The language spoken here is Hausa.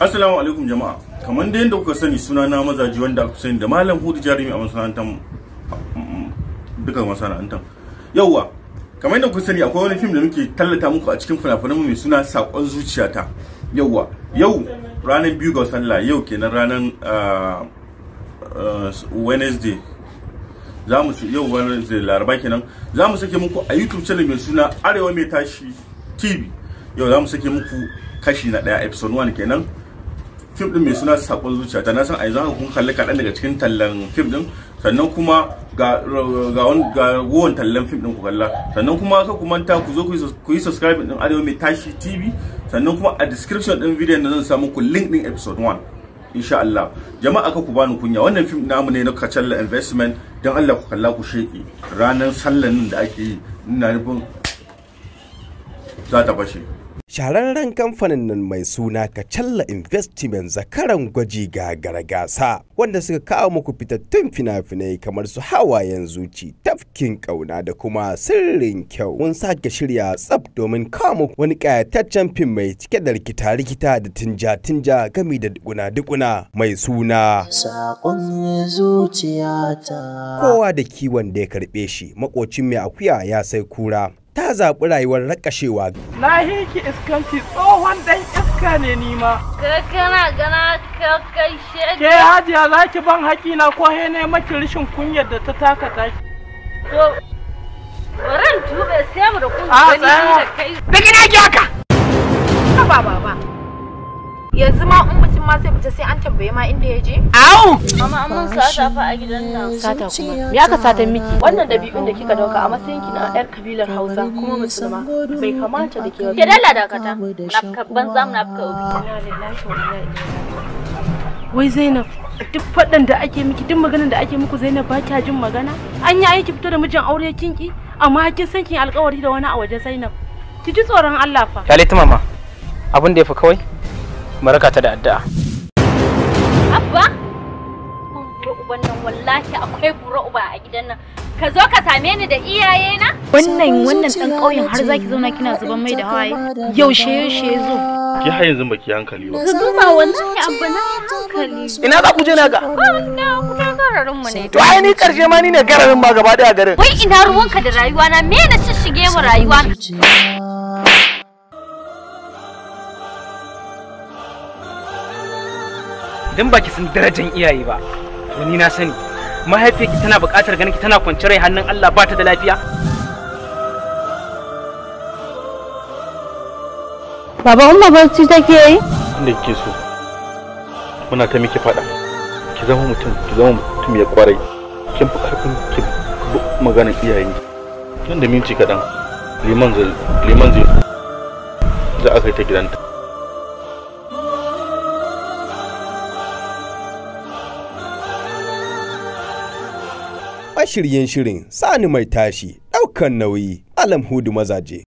Assalamu alaikum jama'a. Kamar da yadda kuka sani suna na mazaji wanda aka sani da Malam Hudu Jarimi a masana'antar duka masana'antar. Yauwa, kamar yadda kuka sani akwai wani fim da muke tallata muku a cikin fina-finan mai suna Sakon Zuciyata. Yauwa, yau ranar biyu ga sallah yau kenan ranar ah, ah, Wednesday za mu yau wani laraba kenan za mu sake muku a youtube channel mai suna arewa mai tashi tv yau za mu sake muku kashi na ɗaya episode 1 kenan fim din mai suna sakon zuciya ta na san a yanzu kun kalli kaɗan daga cikin tallan fim din sannan kuma ga gowon tallan fim din ku kalla sannan kuma ka ku manta ku zo ku yi subscribe din arewa mai tashi tv sannan kuma a description din video na zan samu ku link din episode 1 insha Allah jama'a ka ku bani kunya wannan fim namu ne na Kacalla investment dan Allah ku kalla ku sheki ranar sallan da ake yi ina nufin za ta fashe shahararren kamfanin nan mai suna Kacalla Investment zakaran gwaji ga gargasa wanda suka kawo muku fitattun fina-finai kamar su hawayen zuci tafkin kauna da kuma sirrin kyau mun sake shirya tsab domin kawo muku wani kayataccen fim mai cike da rikita-rikita da tinja-tinja gami da dukuna-dukuna mai suna kowa da kiwon da ya karbe shi makocin mai akuya ya sai kura zaɓi rayuwar rakashewa. Na ki iskanci tsohon ɗan iska ne nima. Kakana gana kakai shege. Ke hajiya za ki ban haƙi na ko he ne maki rashin kunyar da ta taka taki. To, baran tube sai mu da kun gani da kai. Da gina ki haka. Ba ba ba. Yanzu ma ma sai fita sai an tambaye ma inda ya je? Au! Mama an mun sata fa a gidan nan. Sata kuma. Me aka sata miki? Wannan dabi'un da kika dauka a matsayin ki na yar kabilar Hausa kuma musulma bai kamata da ke. Ke dalla dakata. Nafka ban zamu nafka ubi. Wai Zainab, duk faɗan da ake miki, duk maganar da ake muku Zainab ba kya jin magana? An yi aiki fito da mijin aure kinki, amma kin san kin alƙawari da wani a waje Zainab. Ki ji tsoron Allah fa. Kale mama. Abin da ya fi kawai, maraka ta da addu'a. Abba? uban nan wallahi akwai bura uba a gidan nan. Ka zo ka same ni da iyaye na? Wannan wannan dan ƙauyen har zaki zauna kina zuban mai da hawaye. Yaushe yaushe ya zo? Ki har yanzu baki hankali ba. Zuba ba wallahi abba na hankali. Ina za ku je na ga? Wannan kuma gararin mu ne. To ai ni karshe ma ni ne gararin ba gaba daya garin. Wai ina ruwanka da rayuwa na me na shishige wa rayuwa? dan baki sun darajar iyaye ba to ni na sani mahaifiyarki tana buƙatar ganin ki tana kwance rai hannun Allah ba ta da lafiya Baba umma barci take yi inda kike so muna ta miki fada ki zama mutum ki zama mutum ya kwarai kin fi karfin ki maganar iyaye nan da minti kaɗan liman zai liman zai za a kai ta gidanta Mashiryin shirin Sani Mai Tashi, ɗaukan nauyi, Alam Hudu Mazaje.